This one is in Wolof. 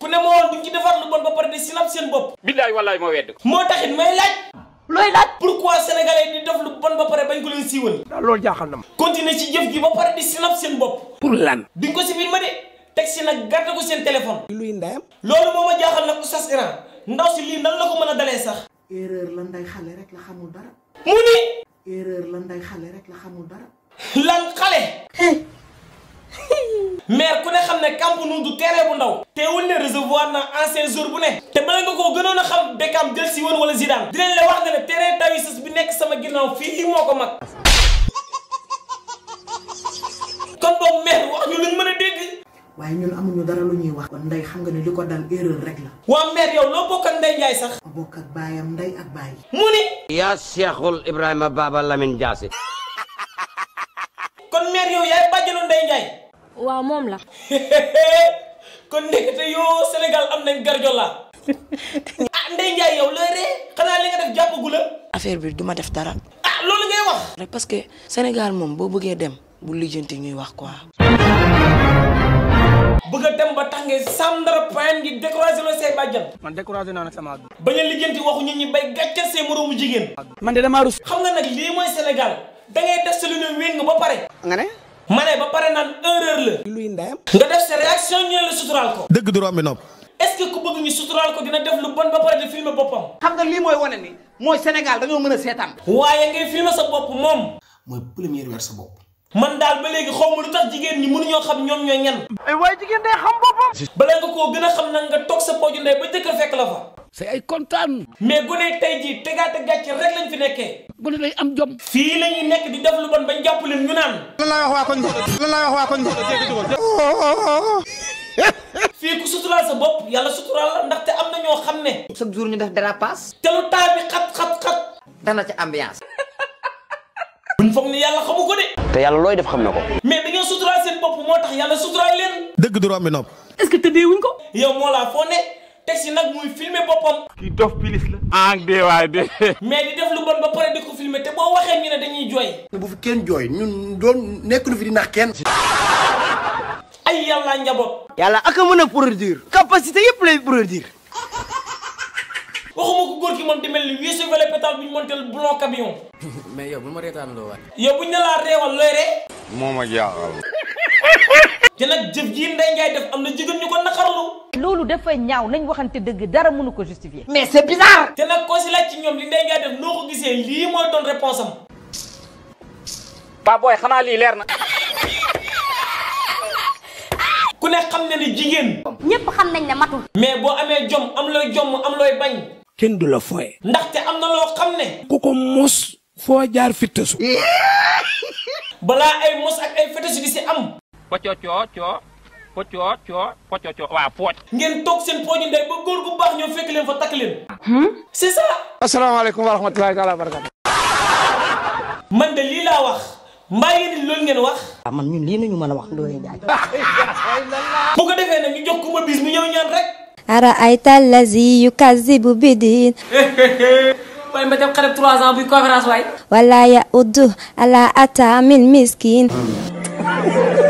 ku ne ma woon duñ ci defar lu bon ba pare di sinap seen bopp. billaay wallaay moo wedd ko. moo taxit may laaj. looy laaj. pourquoi di def lu bon ba pare bañ ko leen siiwal. daal loolu jaaxal na ma. continuer ci jëf gi ba pare di sinap seen bopp. pour lan. duñ ko si biir ma teg si nag gàtte ko seen téléphone. luy ndeyam. loolu moo ma jaaxal nag oustaz lii nan la ko mën a dalee sax. erreur la nday xale rek la xamul dara. mu ni. erreur la nday xale rek la xamul dara. lan xale. maire ku ne xam ne Camp Nou du terrain bu ndaw teewul ne recevoir na ancien joueur bu ne te bala nga koo gënoon a xam Beckham jël si woon wala Zidane dinañ la wax ne ne terrain Davies bi nekk sama ginnaaw fii moo ko mag kon boobu maire wax ñu luñ mën a dégg waaye ñun amuñu dara lu ñuy wax ndey xam nga ne li ko dal erreur rek la waa maire yow loo bokk ak Ndeye sax mu ni yaa Cheikhul Ibrahima Baba Lamine Diassé kon maire yow yaay bàjjaloon Ndeye Ndiaye wa mom la kon nekkate yo senegal am nañ gardio la ah ndey Ndiaye yow looy ree xanaa li nga def jàppagu la affaire bi duma def dara ah lolou ngay wax rek parce que senegal mom bo beugé dem bu lijeenti ñuy wax quoi bëgg dem ba tangé sandra pain di découragé la sey bàjjan man découragé na sama àdduna bañ a lijjanti waxu ñun ñi bay gàcce say moroomu jigen man de dama rus xam nga nak li moy senegal da ngay def sa lu ñu wéng ba paré nga né mané ba paré nan erreur le luy ndeyam. nga def sa réaction ñu ne la ko. deug du romb nop est-ce que ku bëgg ñu suturaal ko dina def lu bon ba paré di filmer bopam xam nga li moy wane ni moy Sénégal dañoo mëna sétane seetaan. waaye ngay filmer sa bop moom. moy première weer sa bop man dal ba légui xawmu lutax jigen ñi mënu ñi xam ñom ñoy ñan. ay way jigen day xam boppam. bala nga ko gëna xam nag nga tok sa pooju ndey ba jëkkër fekk la fa. c'est ay kontaan. mais gone tey jii tegaate gàcce rek lañ fi nekkee. gone day am jom. fii la ñuy nekk di def lu bon bañ jàpp leen ñu naan. lan laa wax waa koñ lan laa wax fii ku suturaal sa bopp yàlla suturaal la ndaxte am na ñoo xam ne. chaque jour ñu def dérapage. te lu temps bi xat xat xat. dana ci ambiance. buñ foog ne yàlla xamu ko de. te yàlla looy def xam ne ko. mais da ngeen suturaal seen bopp moo tax yàlla suturaal leen. dëgg du romb est-ce que tëddee wuñ ko. yow moo laa foo ne. teg si nag muy filmer boppam. kii dof pilis la. ah ñu ne nekk lu fi di nax njaboot. yàlla ak a mën a produire. capacité yëpp lay produire. waxuma ko góor ki moom di ni huit chevalier pétale bu ñu montel blon camion. mais yow bu ma reetaan loo ñu la laa reewal looy ree. moom ak jaaxal. te nag jëf jii Ndeye Ndiaye def am na jigéen ñu ko naqarlu. loolu dafa ñaaw nañ waxante deug dara mënu ko justifier. mais c'est bizarre. té nag koo si laaj ci ñom li Ndeye nga def noko ko li lii mooy doon réponse am. Pa Boy xana li leer na. ku ne xam na ni jigen ñepp xam nañ ne matul. mais bo amé jom am looy jom am looy bañ. kenn dula la ndax té am na lo xam ne. ku ko mos. fo jaar fitesu bala ay mos ak ay fétiche di am. wa cho cho cho pocco co pocco co wa foj ngeen tok sen poñu ndey ba goor gu bax ñoo fekk leen fa tak leen hmm? c'est ça assalamu alaykum wa rahmatullahi wa barakatuh man de li la wax mbaa ngeen loolu ngeen wax ah, man ñun lii nañu mën a wax ndooye jaaj bu ko defee nag ñu jox kuma bis mu ñëw ñaan rek ara ayta lazi yukazibu bidin waaye ma dem xarab 3 ans buy conférence waay wala ya uddu ala ata min miskin